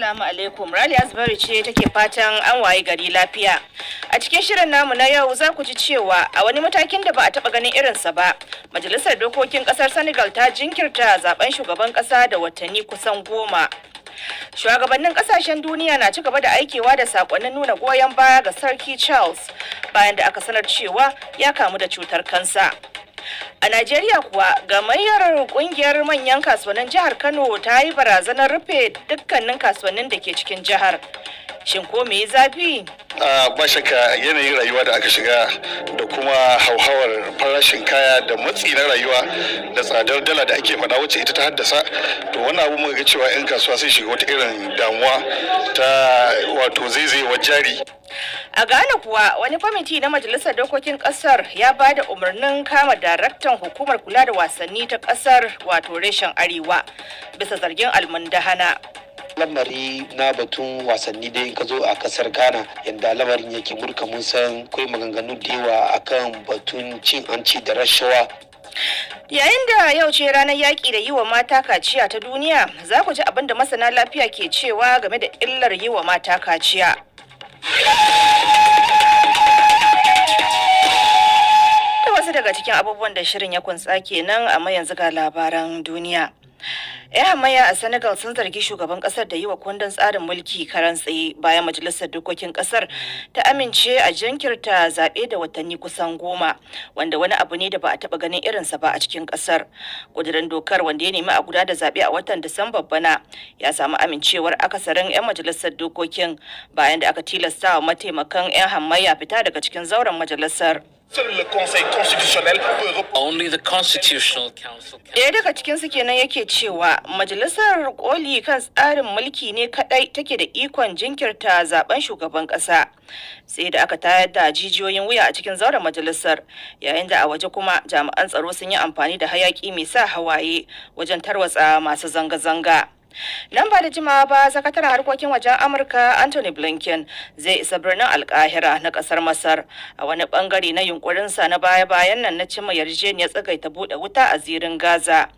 Assalamu alaikum. Rali Asbari ce take fatan an waye gari lafiya. A cikin shirin namu na yau za ku ji cewa a wani matakin da ba a taɓa ganin irinsa ba, Majalisar Dokokin Ƙasar Senegal ta jinkirta zaben shugaban ƙasa da watanni kusan goma. Shugabannin ƙasashen duniya na ci gaba da aikewa da sakonnin nuna goyon baya ga Sarki Charles bayan da aka sanar cewa ya kamu da cutar kansa. A Najeriya kuwa gamayyar kungiyar manyan kasuwannin jihar Kano ta yi barazanar rufe dukkanin kasuwannin da ke cikin jihar. Shin ko me zafi? ba shakka yanayin rayuwa da aka shiga da kuma hauhawar farashin kaya da matsi na rayuwa da tsadar dala da ake faɗa wacce ita ta haddasa to wani abu muka ga cewa 'yan kasuwa sun shiga wata irin damuwa ta wato zaizayewar jari. a ghana kuwa wani kwamiti na majalisar dokokin kasar ya ba da umarnin kama daraktan hukumar kula da wasanni ta kasar wato reshen arewa bisa zargin almundahana lamari na batun wasanni dai ka zo a kasar ghana yadda lamarin yake murka mun san kai maganganu da yawa akan batun cin anci da rashawa Yayin da yau ce ranar yaƙi da yi wa mata kaciya ta duniya, za ku ji abinda masana lafiya ke cewa game da illar yi wa mata kaciya. wasu daga cikin abubuwan da shirin ya kunsa kenan amma yanzu ga labaran duniya. 'yan hamayya a senegal sun zargi shugaban kasar da yi wa kundin tsarin mulki karan tsaye bayan majalisar dokokin kasar ta amince a jinkirta zaɓe da watanni kusan goma wanda wani abu ne da ba a taɓa ganin irinsa ba a cikin kasar ƙudurin dokar wanda ya nemi a guda da zaɓe a watan disambar bana ya samu amincewar akasarin 'yan majalisar dokokin bayan da aka tilasta wa mataimakan 'yan hamayya fita daga cikin zauren majalisar. Seul daga cikin suke nan Only the Constitutional kenan yake cewa majalisar koli kan tsarin mulki ne kaɗai take da ikon jinkirta zaben shugaban ƙasa. Sai da aka tayar da jijiyoyin wuya a cikin zauren majalisar yayin da a waje kuma jami'an tsaro sun yi amfani da hayaƙi mai sa hawaye wajen tarwatsa masu zanga-zanga. Nan ba da jima ba sakataren harkokin wajen Amurka Anthony Blinken zai isa birnin Alkahira na kasar Masar a wani bangare na yunkurinsa na baya-bayan nan na cimma yarjejeniyar tsagaita bude wuta a zirin Gaza.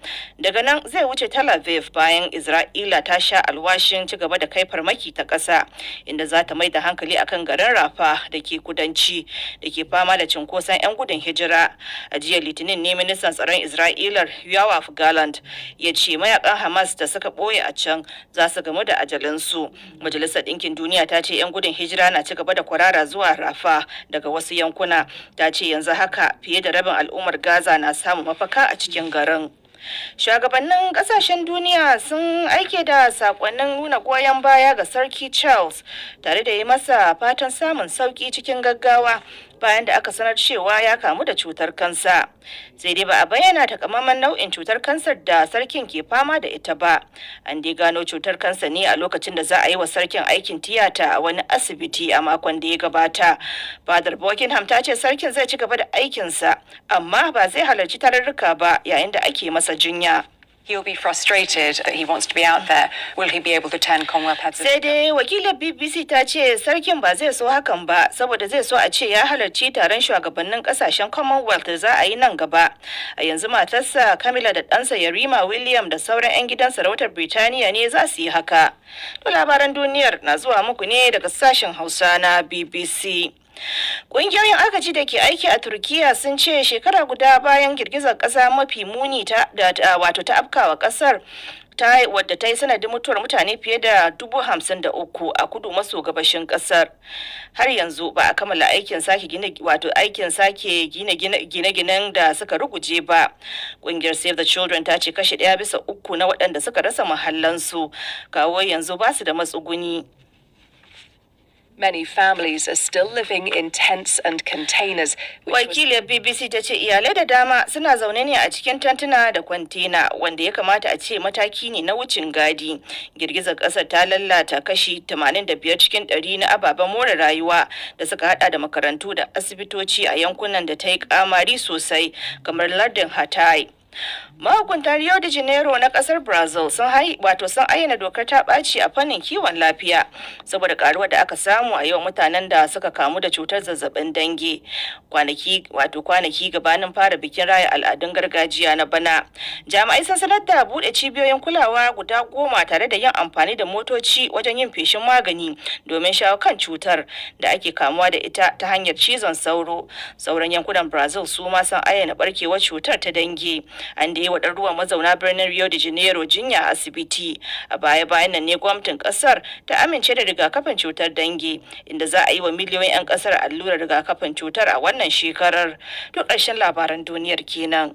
Daga nan zai wuce Tel Aviv bayan Isra'ila ta sha alwashin ci gaba da kai farmaki ta ƙasa inda za ta mai da hankali akan garin Rafa da ke kudanci da ke fama da cunkoson 'yan gudun hijira. A jiya Litinin ne ministan tsaron Isra'ilar Yawaf galand ya ce mayakan Hamas da suka ɓoye a can za su gamu da ajalinsu majalisar ɗinkin duniya ta ce 'yan gudun hijira na ci gaba da kwarara zuwa rafa daga wasu yankuna ta ce yanzu haka fiye da rabin al'ummar gaza na samun mafaka a cikin garin Shugabannin kasashen duniya sun aike da sakonnin nuna goyon baya ga Sarki Charles tare da yi masa fatan samun sauki cikin gaggawa bayan da aka sanar cewa ya kamu da cutar kansa. Sai dai ba a bayyana takamaman nau'in cutar kansar da sarkin ke fama da ita ba. An dai gano cutar kansa ne a lokacin da za a yi wa sarkin aikin tiyata a wani asibiti a makon da ya gabata. Fadar Buckingham ta ce sarkin zai ci gaba da aikinsa amma ba zai halarci tarurruka ba yayin da ake masa jinya. He'll frustrated that Sai dai wakilin BBC ta ce sarkin ba zai so hakan ba saboda zai so a ce ya halarci taron shugabannin kasashen Commonwealth da za a yi nan gaba. A yanzu matarsa Kamila da ɗansa Yarima William da sauran 'yan gidan sarautar Birtaniya ne za su yi haka. To labaran duniyar na zuwa muku ne daga sashen Hausa na BBC. Ƙungiyoyin agaji da ke aiki a turkiyya sun ce shekara guda bayan girgizar ƙasa mafi muni ta wato ta afkawa ƙasar ta wadda ta yi sanadin mutuwar mutane fiye da dubu hamsin da uku a kudu maso gabashin ƙasar har yanzu ba a kammala aikin sake gine wato aikin sake gine gine-ginen da suka ruguje ba ƙungiyar save the children ta ce kashe ɗaya bisa uku na waɗanda suka rasa mahallansu kawo yanzu ba su da matsuguni Many families are still living in tents and containers. Wakiliyar BBC ta ce iyalai da dama suna zaune ne a cikin tantuna da kwantena wanda ya kamata a ce mataki ne na wucin gadi. Girgizar ƙasar ta lalata kashi 85 cikin 100 na ababen more rayuwa da suka hada da makarantu da asibitoci a yankunan da ta yi kamari sosai kamar lardin Hatay. mahukunta rio de janeiro na kasar brazil sun wato sun ayyana dokar ta ɓaci a fannin kiwon lafiya saboda karuwar da aka samu a yau mutanen da suka kamu da cutar zazzabin dange kwanaki wato kwanaki gabanin fara bikin raya al'adun gargajiya na bana jami'ai sun sanar da buɗe cibiyoyin kulawa guda goma tare da yin amfani da motoci wajen yin feshin magani domin shawo kan cutar da ake kamuwa da ita ta hanyar cizon sauro sauran yankunan brazil su ma sun ayyana barkewar cutar ta dange an da yi wa ɗaruwa mazauna birnin rio de janeiro jinya asibiti a baya bayan nan ne gwamnatin ƙasar ta amince da rigakafin cutar dange inda za a yi wa miliyoyin 'yan ƙasar allurar rigakafin cutar a wannan shekarar duk ƙarshen labaran duniyar kenan.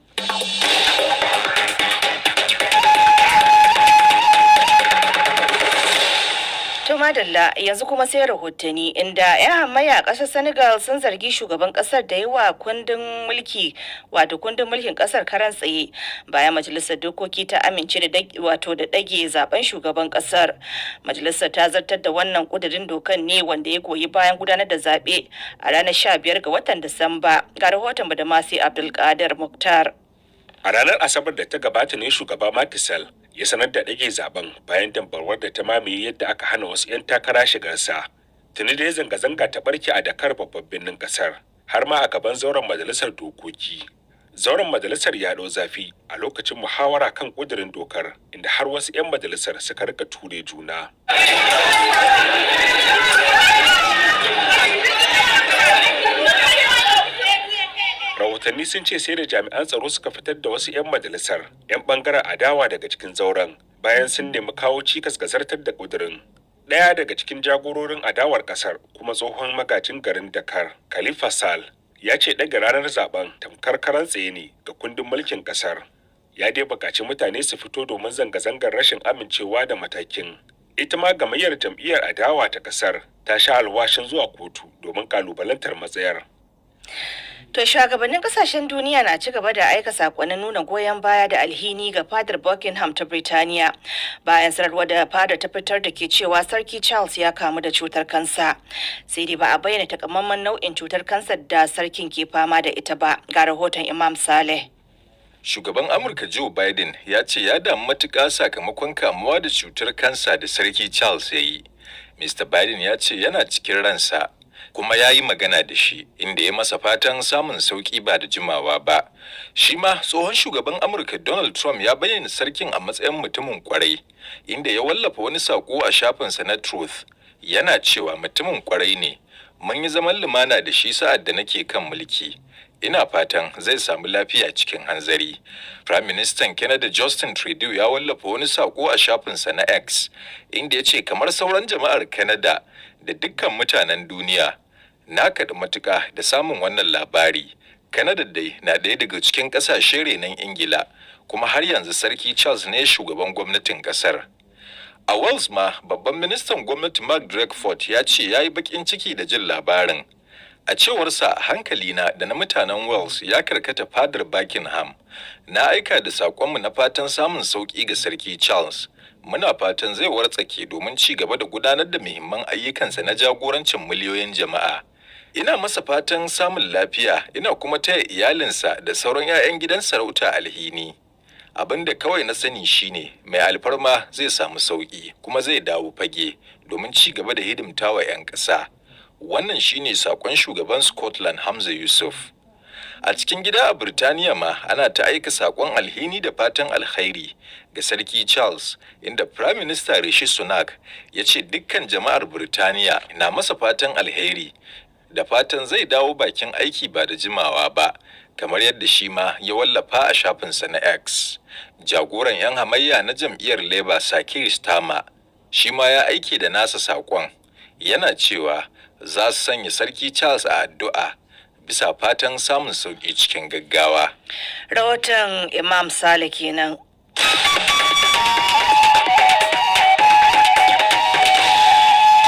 To madalla yanzu kuma sai rahotanni inda 'yan hamayya a ƙasar Senegal sun zargi shugaban ƙasar da yawa wa kundin mulki wato kundin mulkin ƙasar karan tsaye bayan majalisar dokoki ta amince da wato da ɗage zaben shugaban ƙasar. Majalisar ta zartar da wannan ƙudurin dokan ne wanda ya goyi bayan gudanar da zaɓe a ranar 15 ga watan Disamba. Ga rahoton da Masi Abdulkadir Muktar. A ranar Asabar da ta gabata ne shugaba Macky ya sanar da ɗage zaben bayan dambarwar da ta mamaye yadda aka hana wasu 'yan takara shigarsa tuni dai zanga-zanga ta barke a dakar babban birnin ƙasar har ma a gaban zauren majalisar dokoki zauren majalisar ya ɗau zafi a lokacin muhawara kan ƙudurin dokar inda har wasu 'yan majalisar suka rika ture juna rahotanni sun ce sai da jami'an tsaro suka fitar da wasu 'yan majalisar 'yan bangaren adawa daga cikin zauren bayan sun nemi kawo cikas ga zartar da ƙudurin ɗaya daga cikin jagororin adawar ƙasar kuma tsohon magajin garin dakar khalifa sal ya ce ɗaga ranar zaben tamkar karan tsaye ne ga kundin mulkin ƙasar ya dai bukaci mutane su fito domin zanga-zangar rashin amincewa da matakin ita ma gamayyar jam'iyyar adawa ta kasar ta sha alwashin zuwa kotu domin ƙalubalantar matsayar To shugabannin kasashen duniya na ci gaba da aika sakonnin nuna goyon baya da alhini ga fadar Buckingham ta Birtaniya bayan sanarwar da fadar ta fitar da ke cewa Sarki Charles ya kamu da cutar kansa. Sai dai ba a bayyana takamaiman nau'in cutar kansa da sarkin ke fama da ita ba ga rahoton Imam Saleh. Shugaban Amurka Joe Biden ya ce ya damu matuƙa sakamakon kamuwa da cutar kansa da Sarki Charles ya yi. Mr. Biden ya ce yana cikin ransa kuma ya yi magana da shi inda ya masa fatan samun sauki ba da jimawa ba shi ma tsohon shugaban amurka donald trump ya bayyana sarkin a matsayin mutumin kwarai inda ya wallafa wani sako a shafinsa na truth yana cewa mutumin kwarai ne mun yi zaman lumana da shi sa'ad da nake kan mulki ina fatan zai samu lafiya cikin hanzari. Prime Minister Canada Justin Trudeau ya wallafa wani sako a shafinsa na X, inda ya ce kamar sauran jama'ar Canada, da dukkan mutanen duniya na kaɗi matuƙa da samun wannan labari Kanada dai na ɗaya daga cikin ƙasashen renon Ingila kuma har yanzu Sarki Charles ne shugaban gwamnatin ƙasar. A Wales ma babban ministan gwamnati Mark Drakeford ya ce ya yi baƙin ciki da jin labarin. A cewarsa hankalina da na mutanen Wales ya karkata fadar Buckingham. Na aika da saƙonmu na fatan samun sauƙi ga Sarki Charles. muna fatan zai wartsake domin ci gaba da gudanar da muhimman ayyukansa na jagorancin miliyoyin jama'a ina masa fatan samun lafiya ina kuma taya iyalinsa da sauran 'ya'yan gidan sarauta alhini abin da kawai na sani shine mai alfarma zai samu sauƙi kuma zai dawo fage domin ci gaba da hidimta wa 'yan ƙasa wannan shine saƙon shugaban scotland hamza yusuf A cikin gida a Birtaniya ma ana ta aika sakon alhini da fatan alkhairi ga Sarki Charles inda Prime Minister Rishi Sunak ya ce dukkan jama'ar Birtaniya na masa fatan alheri da fatan zai dawo bakin aiki ba da jimawa ba kamar yadda shi ma ya wallafa a shafinsa na X. Jagoran 'yan hamayya na jam'iyyar Labour Sakir Starmer shi ma ya aike da nasa sakon yana cewa za su sanya Sarki Charles a addu'a bisa fatan samun sauƙi cikin gaggawa. Rahoton Imam Sale kenan.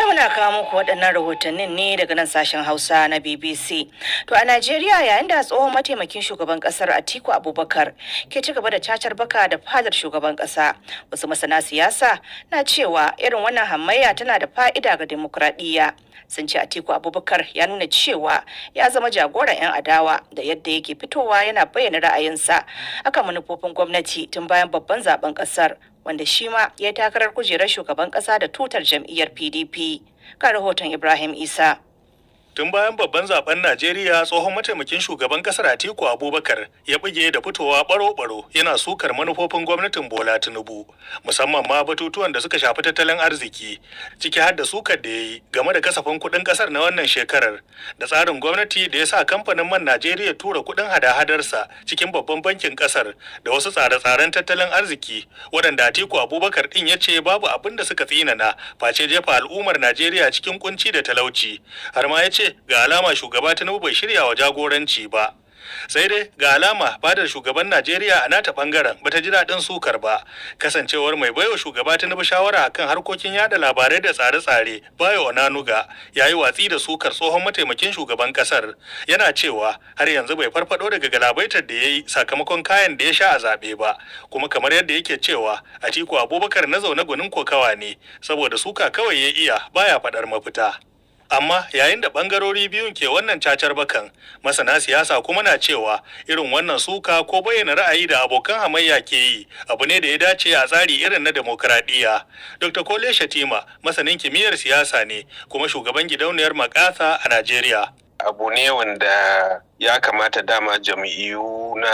muna kawo muku waɗannan rahotannin ne daga nan sashen Hausa na BBC. To a Najeriya yayin da tsohon mataimakin shugaban ƙasar Atiku Abubakar ke ci gaba da cacar baka da fadar shugaban ƙasa. Wasu masana siyasa na cewa irin wannan hamayya tana da fa'ida ga dimokuraɗiyya. sun ce Atiku Abubakar ya nuna cewa ya zama jagoran 'yan adawa da yadda yake fitowa yana bayyana ra'ayinsa akan manufofin gwamnati tun bayan babban zaben kasar wanda shi ma ya yi takarar kujerar shugaban kasa da tutar jam'iyyar PDP. Ka rahoton Ibrahim Isa. tun bayan babban zaben najeriya tsohon mataimakin shugaban kasar atiku abubakar ya buge da fitowa baro-baro yana sukar manufofin gwamnatin bola tinubu musamman ma batutuwan da suka shafi tattalin arziki ciki har da sukar da yayi game da kasafin kuɗin kasar na wannan shekarar da tsarin gwamnati da ya sa kamfanin man najeriya tura kuɗin hada-hadarsa cikin babban bankin kasar da wasu tsare-tsaren tattalin arziki waɗanda atiku abubakar din ya ce babu abin da suka tsinana face jefa al'ummar najeriya cikin kunci da talauci har ma ya ce ga alama shugaba tinubu bai shirya wa jagoranci ba sai dai ga alama fadar shugaban najeriya a nata bangaren bata ji daɗin sukar ba kasancewar mai baiwa shugaba ta tinubu shawara kan harkokin yada labarai da tsare-tsare bayo onanuga ya yi watsi da sukar tsohon mataimakin shugaban ƙasar yana cewa har yanzu bai farfado daga galabaitar da ya yi sakamakon kayan da ya sha a zaɓe ba kuma kamar yadda yake cewa tiku abubakar na zaune gwanin kokawa ne saboda suka kawai ya iya baya faɗar mafita amma yayin da bangarori biyun ke wannan cacar bakan masana siyasa kuma na cewa irin wannan suka ko bayyana ra'ayi da abokan hamayya ke yi abu ne da ya dace a tsari irin na demokradiyya dr kole shatima masanin kimiyyar siyasa ne kuma shugaban gidauniyar makasa a najeriya abu ne wanda ya kamata dama jam'iyyu na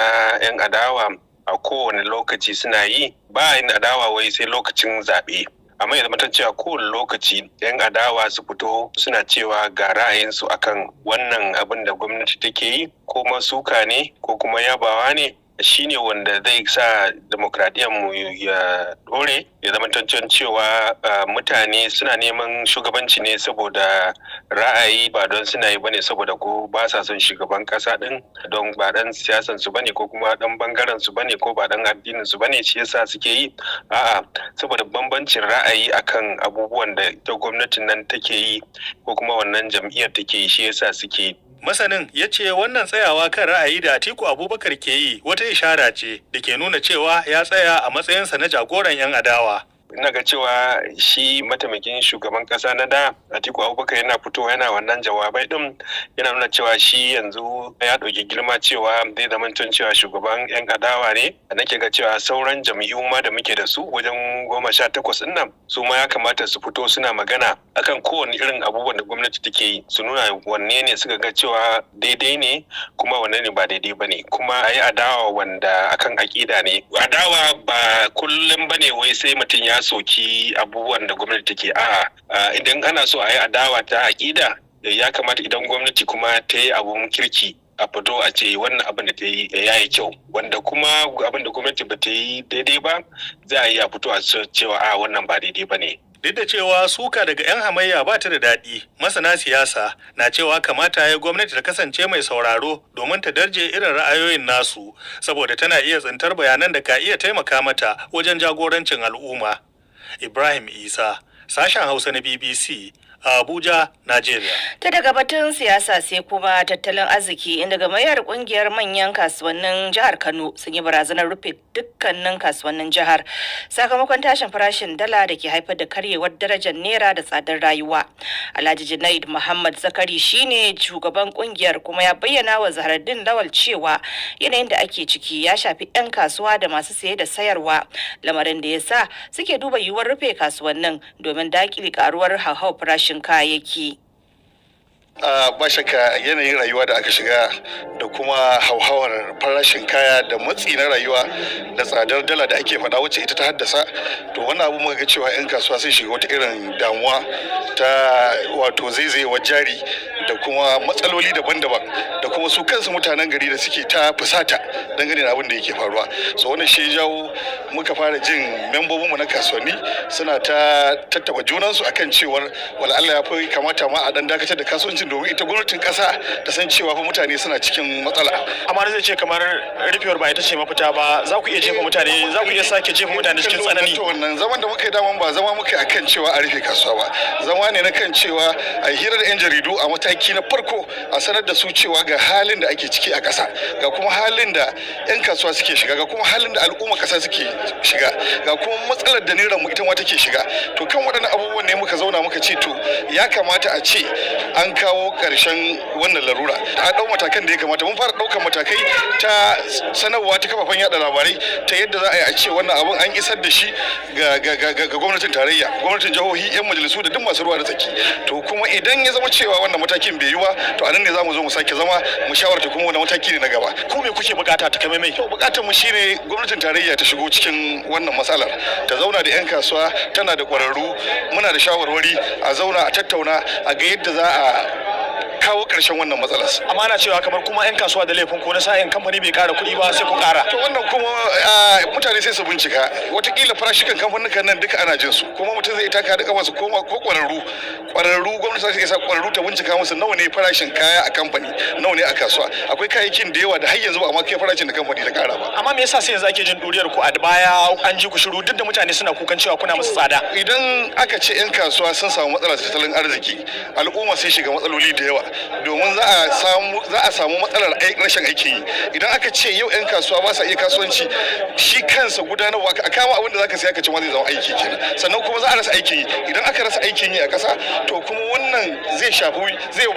'yan adawa a kowane lokaci suna yi ba yin adawa wai sai lokacin zaɓe amma ya zama cewa kowane lokaci yan adawa su fito suna cewa ga ra'ayinsu akan wannan abin da gwamnati take yi ko masuka ne ko kuma yabawa ne Shi ne wanda zai sa demokradiyyar mu ya dore ya zama tancan cewa mutane suna neman shugabanci ne saboda ra'ayi ba don suna yi bane saboda ko ba sa son shugaban kasa din don ba dan siyasan su bane ko kuma dan bangaren su bane ko ba dan addinin su bane shi yasa suke yi a'a saboda bambancin ra'ayi akan abubuwan da ita gwamnatin nan take yi ko kuma wannan jam'iyyar take yi shi yasa suke Masanin ya ce wannan tsayawa kan ra'ayi da Atiku Abubakar ke yi wata ishara ce da ke nuna cewa ya tsaya a matsayinsa na jagoran 'yan adawa. na ga cewa shi mataimakin shugaban kasa na da Atiku Abubakar yana fitowa yana wannan jawabai din yana nuna cewa shi yanzu ya ɗauki girma cewa zai zama tun cewa shugaban yan adawa ne nake ga cewa sauran jam'iyyu ma da muke da su wajen goma sha takwas din nan su ma ya kamata su fito suna magana akan kowane irin abubuwan da gwamnati take yi su nuna wanne ne suka ga cewa daidai ne kuma wanne ne ba daidai ba ne kuma a yi adawa wanda akan aƙida ne adawa ba kullum ba ne wai sai mutum ya ya soki abubuwan da gwamnati take a idan ana so a yi adawa ta aƙida eh, ya kamata idan gwamnati kuma ta yi abun kirki a fito a ce wannan abin da ta yi eh, ya yi kyau wanda kuma abin da gwamnati ba ta yi daidai ba za a yi a fito a cewa a wannan ba daidai ba ne Duk da cewa suka daga 'yan hamayya ba ta da daɗi, masana siyasa na cewa kamata ya gwamnati ta kasance mai sauraro domin ta darje irin ra'ayoyin nasu, saboda tana iya tsintar bayanan da ka iya taimaka mata wajen jagorancin al'umma. Ibrahim Isa, sashen Hausa na BBC, a Abuja, Najeriya. Ta daga batun siyasa sai kuma tattalin arziki inda mayar kungiyar manyan kasuwannin jihar Kano sun yi barazanar rufe dukkanin kasuwannin jihar sakamakon tashin farashin dala da ke haifar da karyewar darajar naira da tsadar rayuwa. Alhaji Junaid Muhammad Zakari shine shugaban kungiyar kuma ya bayyana wa Zaharaddin Lawal cewa yanayin da ake ciki ya shafi 'yan kasuwa da masu saye da sayarwa lamarin da ya sa suke duba yiwuwar rufe kasuwannin domin daƙile karuwar hauhau farashin kayayyaki ba shakka yanayin rayuwa da aka shiga da kuma hauhawar farashin kaya da matsi na rayuwa da tsadar dala da ake faɗa wacce ita ta haddasa to wani abu muka ga cewa 'yan kasuwa sun shiga wata irin damuwa ta wato zaizayewar jari da kuma matsaloli daban-daban da kuma su kansu mutanen gari da suke ta fusata dangane da abin da yake faruwa so wannan shi jawo muka fara jin membobin mu na kasuwanni suna ta tattaba junansu akan cewar wala Allah ya fi kamata ma a dan dakatar da kasuwanci. gwamnatin domin ita gwamnatin kasa ta san cewa fa mutane suna cikin matsala amma zai ce kamar rufewar ba ita ce mafita ba za ku iya jefa mutane za ku iya sake jefa mutane cikin tsanani wannan zaman da muka yi daman ba zama muka akan cewa a rufe kasuwa ba zama ne na kan cewa a hirar yan jaridu a mataki na farko a sanar da su cewa ga halin da ake ciki a kasa ga kuma halin da yan kasuwa suke shiga ga kuma halin da al'umma kasa suke shiga ga kuma matsalar da naira mu ita ma take shiga to kan waɗannan abubuwan ne muka zauna muka ce to ya kamata a ce an kawo kawo karshen wannan larura a ɗau matakan da ya kamata mun fara ɗaukar matakai ta sanarwa ta kafafen yada labarai ta yadda za a yi a ce wannan abun an isar da shi ga gwamnatin tarayya gwamnatin jihohi yan majalisu da duk masu ruwa da tsaki to kuma idan ya zama cewa wannan matakin bai yi ba to a nan ne za mu zo mu sake zama mu shawarta kuma wannan mataki ne na gaba ku me kuke bukata ta kame mai to bukatar mu shine gwamnatin tarayya ta shigo cikin wannan matsalar ta zauna da yan kasuwa tana da kwararru muna da shawarwari a zauna a tattauna a ga yadda za a kawo ƙarshen wannan matsalar amma na cewa kamar kuma 'yan kasuwa da laifin ko na sa'in kamfani bai ƙara kuɗi ba sai ku ƙara to wannan kuma mutane sai su bincika watakila farashikan kamfanin nan duka ana jin su kuma mutum zai taka da kafarsa ko ko ƙwararru ƙwararru gwamnati za iya sa ƙwararru ta bincika musu nawa ne farashin kaya a kamfani nawa ne a kasuwa akwai kayayyakin da yawa da har yanzu ba amma kai farashin da kamfani ta ƙara ba amma me yasa sai yanzu ake jin duriyar ku a baya an ji ku shiru duk da mutane suna kukan cewa kuna musu tsada idan aka ce 'yan kasuwa sun samu matsalar tattalin arziki al'umma sai shiga matsaloli da yawa domin za a samu matsalar rashin aiki yi idan aka ce yau 'yan kasuwa ba sa iya kasuwanci shi kansa gudanarwa a kama abin da zaka sai aka ce ma zai zama aiki kenan sannan kuma za a rasa aikin yi idan aka rasa aikin yi a ƙasa to kuma wannan zai shafi zai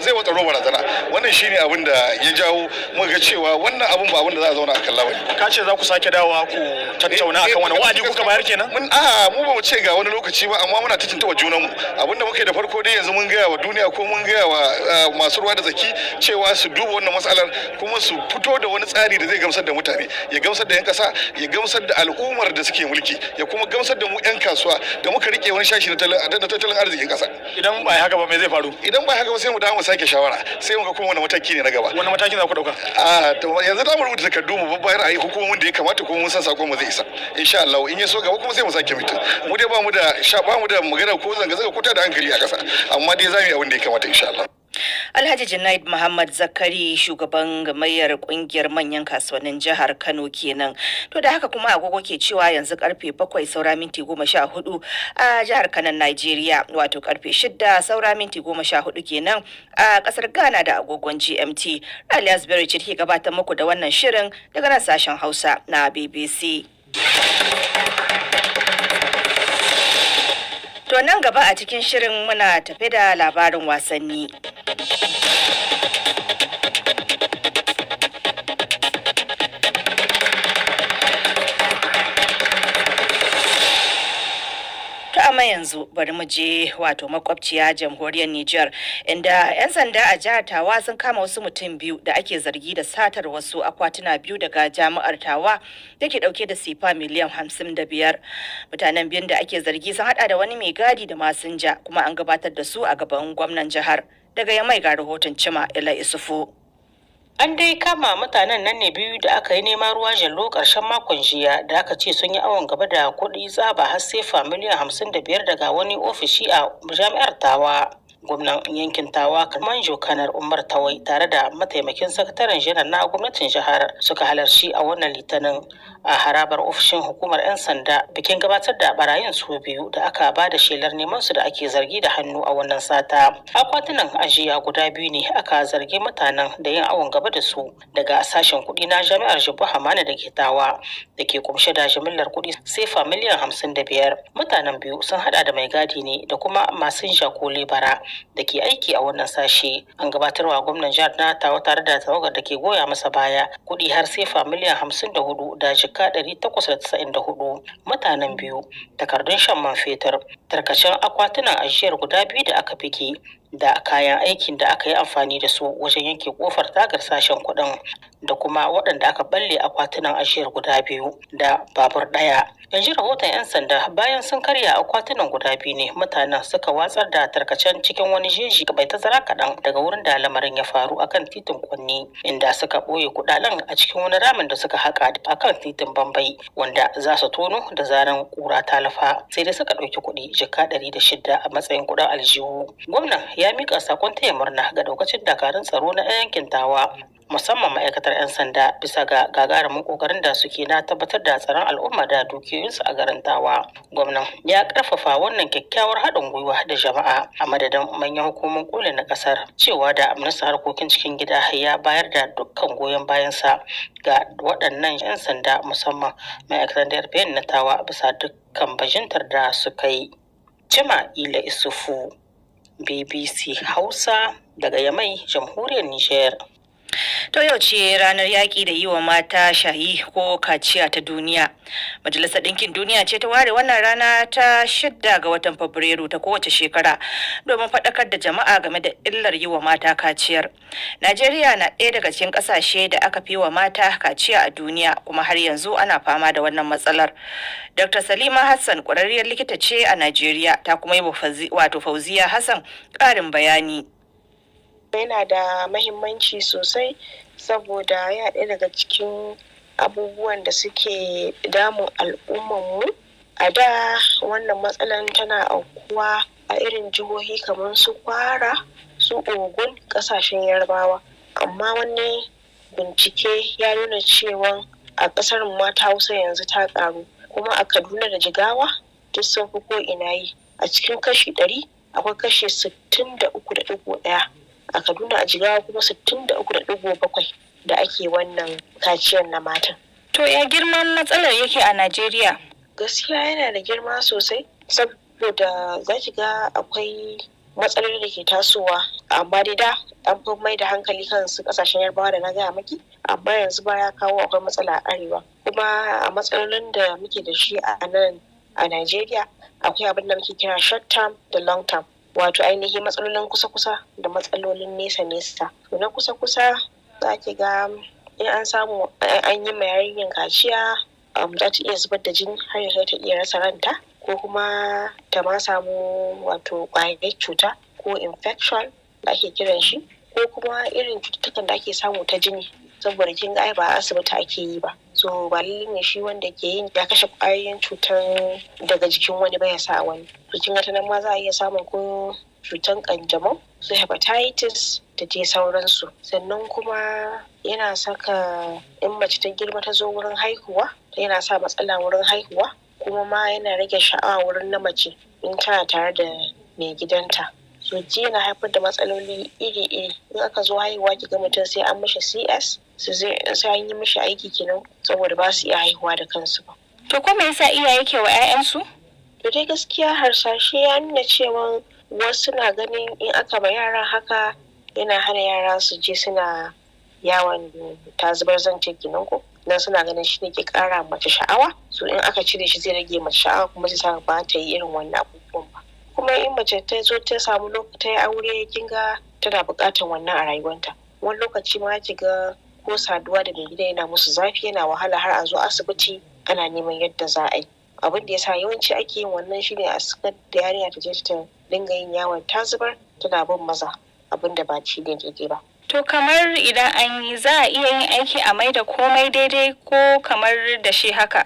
zai wa barazana wannan shine abin da ya jawo muka ga cewa wannan abin ba abin da za a zauna a kalla bane ka ce za ku sake dawowa ku tattauna akan wannan wa'adi kuka bayar kenan mun a mu ba mu ce ga wani lokaci ba amma muna tattauna wa junanmu abinda muke da farko dai yanzu mun gaya wa duniya ko mun gaya wa Eh, masu ruwa da zaki cewa su duba wannan matsalar kuma su fito da wani tsari da zai gamsar da mutane ya gamsar da 'yan kasa ya gamsar da al'ummar da suke mulki ya kuma gamsar da mu 'yan kasuwa da muka rike wani shashi na tattalin arzikin kasa idan ba haka ba me zai faru idan ba haka ba sai mu dawo mu sake shawara sai mu ga kuma wani mataki ne na gaba wani mataki za ku dauka a yanzu da mu rubuta takardu mu babbayar a yi hukumomin da ya kamata kuma mun san sako mu zai isa insha Allah in ya so gaba kuma sai mu sake mutum mu dai ba mu da sha ba mu da magana ko zanga zanga ko ta da hankali a kasa amma dai za mu yi abin da ya kamata insha Allah Alhaji Junaid Muhammad Zakari shugaban gamayyar kungiyar manyan kasuwannin jihar Kano kenan. To da haka kuma agogo ke cewa yanzu karfe bakwai saura minti goma sha hudu a jihar Kano Najeriya wato karfe shida saura minti goma sha hudu kenan a kasar Ghana da agogon GMT. Alias Berry ke gabatar muku da wannan shirin daga nan sashen Hausa na BBC. To nan gaba a cikin shirin muna tafi da labarin wasanni. kuma yanzu bari mu je wato makwabciya jamhuriyar Nijar inda 'yan sanda a jihar Tawa sun kama wasu mutum biyu da ake zargi da satar wasu akwatuna biyu daga jami'ar Tawa da ke dauke da sifa miliyan hamsin da biyar. Mutanen biyun da ake zargi sun hada da wani mai gadi da masinja kuma an gabatar da su a gaban gwamnan jihar. Daga yamai ga rahoton Cima Ila Isufu. an dai kama mutanen nan ne biyu da aka yi neman ruwa jallo ƙarshen makon jiya da aka ce sun yi awon gaba da kuɗi tsaba har sefa miliyan hamsin da biyar daga wani ofishi a jami'ar tawa gwamnan yankin tawa manjo kanar umar tawai tare da mataimakin sakataren janar na gwamnatin jihar suka halarci a wannan litinin a harabar ofishin hukumar 'yan sanda bikin gabatar da barayin su biyu da aka ba da shelar neman su da ake zargi da hannu a wannan sata akwatunan ajiya guda biyu ne aka zargi mutanen da yin awon gaba da su daga sashen kuɗi na jami'ar jibu hamana da ke tawa da ke kumshe da jimillar kuɗi sefa miliyan hamsin da biyar mutanen biyu sun hada da mai gadi ne da kuma masu jakole bara da ke aiki a wannan sashe an gabatarwa gwamnan jihar na tawa tare da tawagar da ke goya masa baya kuɗi har sefa miliyan hamsin da hudu da jika ɗari takwas da tasa'in da hudu mutanen biyu takardun shan man fetur tarkacen akwatunan ajiyar guda biyu da aka fike da kayan aikin da aka yi amfani da su wajen yanke kofar tagar sashen kuɗin da kuma waɗanda aka balle akwatunan ashiyar guda biyu da babur ɗaya. Yanzu rahoton 'yan sanda bayan sun karya akwatunan guda biyu ne mutanen suka watsar da tarkacen cikin wani jeji bai tazara kaɗan daga wurin da lamarin ya faru akan titin kunni inda suka ɓoye kuɗaɗen a cikin wani ramin da suka haƙa akan titin Bambai wanda za su tono da zaran ƙura talafa sai da suka ɗauki kuɗi jika ɗari da shida a matsayin kuɗin aljihu. Gwamnan ya miƙa sakon taya murna ga ɗaukacin dakarun tsaro na 'yan yankin tawa musamman ma'aikatar 'yan sanda bisa ga gagarumin kokarin da suke na tabbatar da tsaron al'umma da dukiyoyinsu a garin tawa gwamnan ya karfafa wannan kyakkyawar haɗin gwiwa da jama'a a madadin manyan hukumomin koli na ƙasar cewa da ministan harkokin cikin gida ya bayar da dukkan goyon bayansa ga waɗannan 'yan sanda musamman ma'aikatan DRPN na tawa bisa dukkan bajintar da suka yi. Jima Ila Isufu BBC Hausa daga Yamai, Jamhuriyar Nijar. To yau ce ranar yaƙi da yi wa mata shayi ko kaciya ta duniya. Majalisar Ɗinkin Duniya ce ta ware wannan rana ta shidda ga watan Fabrairu ta kowace shekara domin faɗakar da jama'a game da illar yi wa mata kaciyar. Najeriya na ɗaya daga cikin ƙasashe da aka fi wa mata kaciya a duniya kuma har yanzu ana fama da wannan matsalar. Dr. Salima Hassan ƙwararriyar likita ce a Najeriya ta kuma yi wato Fauziya Hassan ƙarin bayani. yana da mahimmanci sosai saboda yaɗa ɗaya daga cikin abubuwan da suke damun al'ummanmu a da wannan matsalan tana aukuwa a irin jihohi kamar su kwara su ogun ƙasashen yarbawa amma wani bincike ya nuna cewa a ƙasar mata hausa yanzu ta ƙaru kuma a kaduna da jigawa duk sun fi ko yi a cikin kashi ɗari akwai kashi sittin da uku da ɗigo ɗaya a kaduna a jigawa kuma sittin da uku da ɗigo bakwai da ake wannan kaciyar na matan to ya girman matsalar yake a najeriya gaskiya yana da girma sosai saboda za ki ga akwai matsaloli da ke tasowa amma dai da an fi mai da hankali kan su kasashen yarbawa da na gaya maki amma yanzu ba ya kawo akwai matsala a arewa kuma a matsalolin da muke da shi a nan a najeriya akwai abin da muke kira short term da long term wato ainihin matsalolin kusa-kusa da matsalolin nesa-nesa to na kusa-kusa za ki ga in an samu an yi ma yarinyar kaciya um, za ta iya zubar da jini har ya ta iya rasa ranta ko kuma ta ma samu wato ƙwayar cuta ko infection da ake kiran shi ko kuma irin cututtukan da ake samu ta jini saboda kin ga ai ba asibiti ake yi ba so ba ne shi wanda ke yin ya kashe kwayoyin cutar daga jikin wani ba ya sa wani jikin wata nan ma za a iya samun ko cutar kanjamau su hepatitis da je sauransu sannan kuma yana saka in mace ta girma ta zo wurin haihuwa yana sa matsala wurin haihuwa kuma ma yana rage sha'awa wurin na mace in tana tare da mai gidanta so ji yana haifar da matsaloli iri-iri in aka zo haihuwa ki ga mutum sai an mashi cs su sai an yi mishi aiki kenan saboda ba su iya haihuwa da kansu ba to ko me yasa iyaye ke wa 'ya'yansu to dai gaskiya harsashe ya nuna cewa wasu na ganin in aka ba yara haka yana hana yara su je suna yawon tazubar zance kenan ko dan suna ganin shi ne ke kara mace sha'awa su in aka cire shi zai rage mace sha'awa kuma zai sa ba ta yi irin wannan abubuwan ba kuma in mace ta zo ta samu lokacin aure kin ga tana buƙatar wannan a rayuwarta wani lokaci ma ki ga ko saduwa da mai gida yana musu zafi yana wahala har a zo asibiti ana neman yadda za a yi abin da yasa yawanci ake yin wannan shine a sakar da yarinya ta je ta dinga yin yawon ta zubar tana bin maza abin da ba shi ne daidai ba To kamar idan an yi za a iya yin aiki a mai da komai daidai ko kamar da shi haka?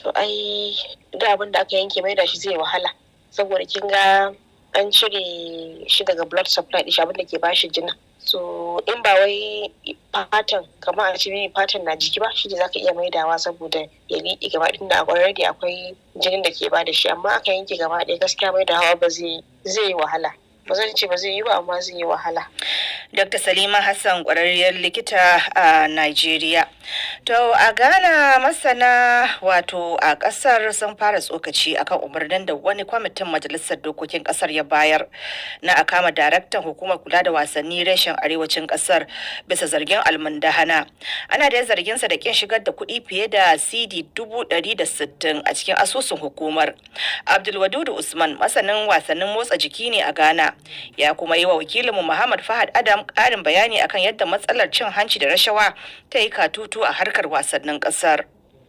To ai da abin da aka yanke mai da shi zai wahala saboda kin ga an cire shi daga blood supply shi abin da ke bashi jinin. so in ba wai fatan kamar a cikin fatan na jiki ba shi ne zaka iya maidawa saboda ya liƙi gaba ɗin da akwai akwai jinin da ke ba da shi amma aka yanke gaba ɗaya gaskiya maidawa ba zai zai yi wahala ba zan ce ba zai yi ba amma zai yi wahala. Dr. Salima Hassan ƙwararriyar likita a Najeriya. To a Ghana masana wato a ƙasar sun fara tsokaci akan umarnin da wani kwamitin majalisar dokokin ƙasar ya bayar na a kama daraktan hukumar kula da wasanni reshen arewacin ƙasar bisa zargin almundahana. Ana da zarginsa da kin shigar da kuɗi fiye da CD dubu ɗari da sittin a cikin asusun hukumar. Abdulwadudu Usman masanin wasannin motsa jiki ne a Ghana ya kuma yi wa wakilinmu Muhammad Fahad Adam ƙarin bayani akan yadda matsalar cin hanci da rashawa ta yi katutu a harkar wasannin ƙasar.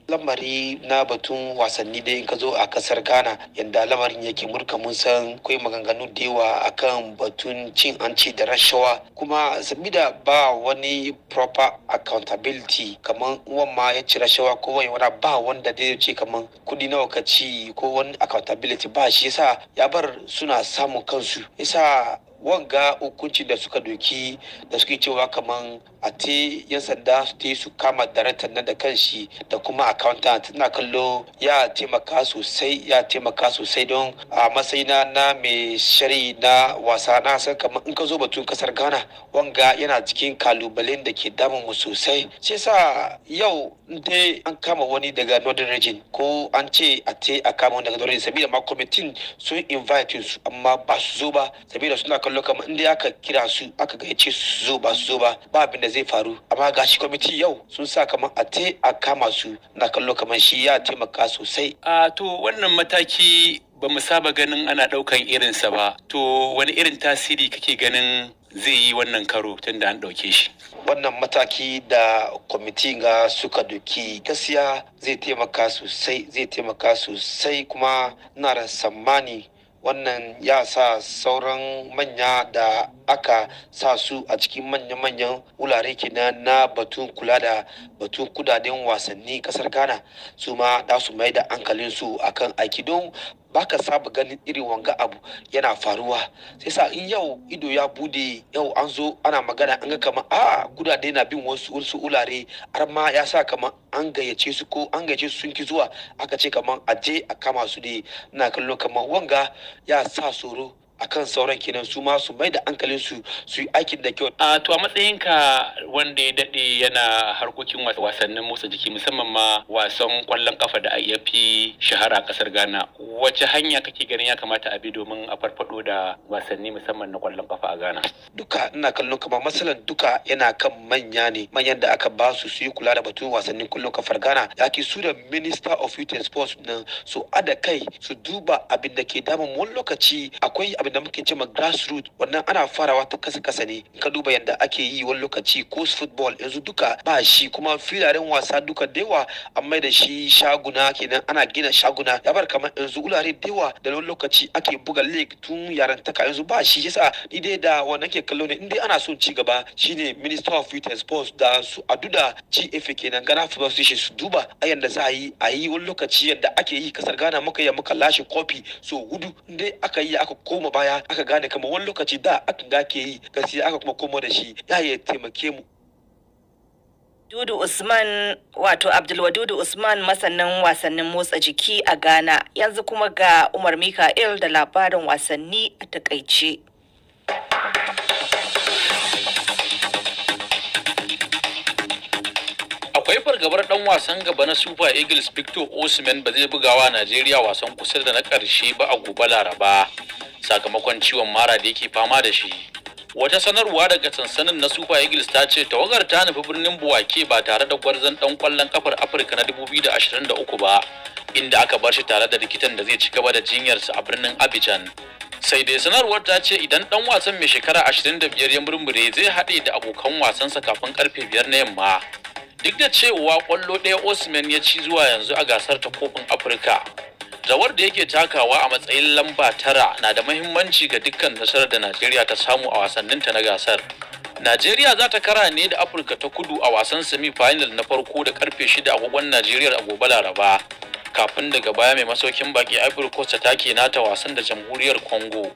lamari na batun wasanni dai in ka zo a kasar ghana yadda lamarin yake murka mun san akwai maganganu da yawa akan batun cin hanci da rashawa kuma sabida ba wani proper accountability kamar uwan ma ya ci rashawa ko wani wani ba wanda dai ya ce kamar kudi nawa ka ci ko wani accountability ba shi yasa ya bar suna samun kansu yasa wanga hukunci da suka doki da suke cewa kamar a te yan sanda su te su kama darakta na da kanshi da kuma accountant tana kallo ya taimaka sosai ya taimaka sosai don a matsayina na mai shari na wasa na san kaman in ka zo batun kasar ghana wanga yana cikin kalubalen da ke damun mu sosai sai sa yau dai an kama wani daga northern region ko an ce a te a kama wani daga northern region sabida ma kwamitin sun invite su amma ba su zo ba sabida suna kallo kwallo kamar inda aka kira su aka gayyace su zo ba su zo ba ba abin da zai faru amma gashi kwamiti yau sun sa kamar a te a kama su na kallo kamar shi ya taimaka sosai. A to wannan mataki ba mu saba ganin ana ɗaukan irinsa ba to wani irin tasiri kake ganin zai yi wannan karo tun da an ɗauke shi. Wannan mataki da kwamiti ga suka doki gaskiya zai taimaka sosai zai taimaka sosai kuma na da tsammani wannan ya sa sauran manya da aka sa su a cikin manya-manyan wulare kenan na batun kula da batun kudaden wasanni kasar ghana su ma da su mai da hankalinsu akan aiki don ba baka saba ganin irin wanga abu yana faruwa sai sa in yau ido ya bude yau an zo ana magana an ga kamar a ah, kudade na bin wasu wasu ulare har ma ya sa kamar an gayyace su ko an gayyace su sun ki zuwa aka ce kama a je a kama su dai na kallon kamar wanga ya sa tsoro a kan sauran kenan su ma su mai da hankalin su su yi aikin da kyau. A to a ka wanda ya daɗe yana harkokin wasannin motsa jiki musamman ma wasan kwallon kafa da ya fi shahara a ƙasar Ghana. Wace hanya kake ganin ya kamata a bi domin a farfaɗo da wasanni musamman na kwallon kafa a Ghana? Duka ina kallon kamar matsalar duka yana kan manya ne manyan da aka ba su su yi kula da batun wasannin ƙwallon kafar Ghana. Ya ke su da Minister of Youth and Sports nan su ada kai su duba abin da ke damun wani lokaci akwai abin da muke ce ma grassroot wannan ana farawa ta kasa kasa ne ka duba yadda ake yi wani lokaci ko football yanzu duka ba shi kuma filaren wasa duka da yawa an mai da shi shaguna kenan ana gina shaguna ya bar kamar yanzu ulare da yawa da wani lokaci ake buga league tun yaran taka yanzu ba shi yasa ni dai da wannan ke kallo ne in dai ana son ci gaba shine minister of youth and sports da su aduda gfa kenan gana football association su duba a yanda za a yi a yi wani lokaci yadda ake yi kasar gana muka yi muka lashe kofi so hudu in dai aka yi aka koma baya aka gane kamar wani lokaci da aka ga ke yi gaskiya aka kuma komo da shi ya ya taimake mu Dudu Usman wato Abdulwadudu Usman masanin wasannin motsa jiki a Ghana yanzu kuma ga Umar Mika'il da labarin wasanni a takaice. gabar dan wasan gaba na Super Eagles Victor Osimhen ba zai bugawa Najeriya wasan kusa da na karshe ba a gobe Laraba sakamakon ciwon mara da yake fama da shi. Wata sanarwa daga sansanin na Super Eagles ta ce tawagar ta nufi birnin Buwake ba tare da gwarzon dan kwallon kafar Afirka na 2023 ba, inda aka bar shi tare da likitan da zai ci gaba da jinyarsa a birnin Abidjan. sai dai sanarwar ta ce idan dan wasan mai shekara 25 ya murmure zai haɗe da abokan wasansa kafin karfe 5 na yamma duk da cewa kwallo ɗaya osman ya ci zuwa yanzu a gasar ta kofin afirka rawar da yake takawa a matsayin lamba tara na da mahimmanci ga dukkan nasarar da najeriya ta samu a wasanninta na gasar najeriya za ta kara ne da afirka ta kudu a wasan semi final na farko da karfe shida agogon najeriya a gobe laraba kafin daga baya mai masaukin baki ivory coast ta take nata wasan da jamhuriyar congo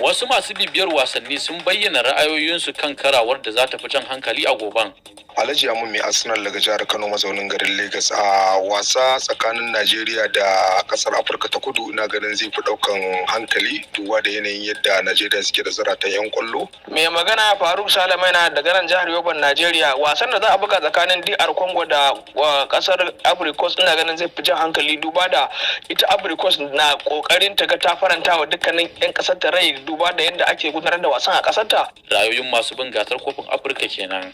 wasu masu bibiyar wasanni sun bayyana ra'ayoyinsu kan karawar da za ta fi jan hankali a goban Alhaji Amun mai Arsenal daga jihar Kano mazaunin garin Lagos a wasa tsakanin Najeriya da kasar Afirka ta Kudu ina ganin zai fi daukan hankali duba da yanayin yadda Najeriya suke da ta yan kwallo. Mai magana Faruk salama yana daga nan jihar Yobe Najeriya wasan da za a buga tsakanin DR Congo da kasar Coast ina ganin zai fi jan hankali duba da ita Coast na kokarin ta ga ta faranta wa dukkanin yan kasar ta rai duba da yadda ake gudanar da wasan a kasar ta. Rayoyin masu bin gasar kofin Afirka kenan.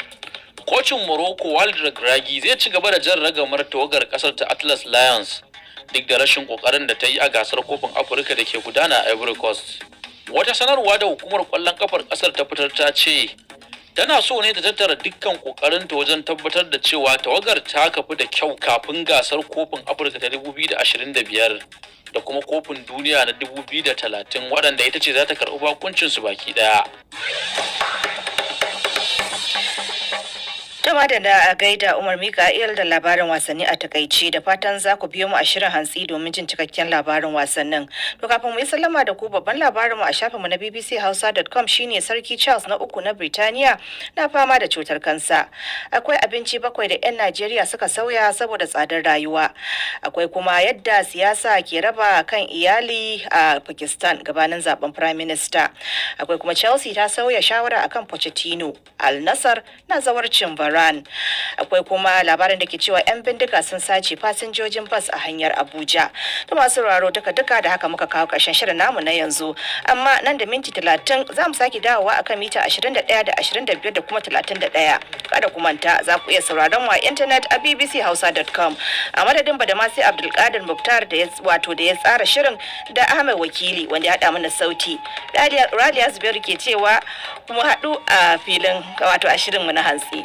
kocin morocco walid gragi zai ci gaba da jan ragamar tawagar kasar ta atlas lions duk da rashin kokarin da ta yi a gasar kofin afirka da ke gudana a ivory coast wata sanarwa da hukumar kwallon kafar kasar ta fitar ta ce tana so ne ta tattara dukkan kokarinta wajen tabbatar da cewa tawagar ta kafi da kyau kafin gasar kofin afirka ta 2025 da kuma kofin duniya na 2030 waɗanda ita ce za ta karɓi bakuncinsu baki ɗaya ta da na gaida Umar Mika'il da labarin wasanni a takaici da fatan za ku biyo mu a shirin hantsi domin jin cikakken labarin wasannin. To kafin mu yi sallama da ku babban labarin mu a shafin shafinmu na bbchausa.com shine Sarki Charles na uku na Birtaniya na fama da cutar kansa. Akwai abinci bakwai da 'yan Najeriya suka sauya saboda tsadar rayuwa. Akwai kuma yadda siyasa ke raba kan iyali a Pakistan gabanin zaben Prime Minister. Akwai kuma Chelsea ta sauya shawara akan Pochettino. Al Nassr na zawarcin bara. iran akwai kuma labarin da ke cewa 'yan bindiga sun sace fasinjojin bas a hanyar abuja ta masu sauraro duka duka da haka muka kawo karshen shirin namu na yanzu amma nan da minti talatin za mu sake dawowa a kan mita 21 da 25 da kuma 31 kada ku manta za ku iya sauraron mu a intanet a bbchausa.com a madadin masu abdulkadir muktar da ya wato da ya tsara shirin da ahmed wakili wanda ya haɗa mana sauti radiya zubairu ke cewa kuma haɗu a filin wato a shirinmu na hantsi.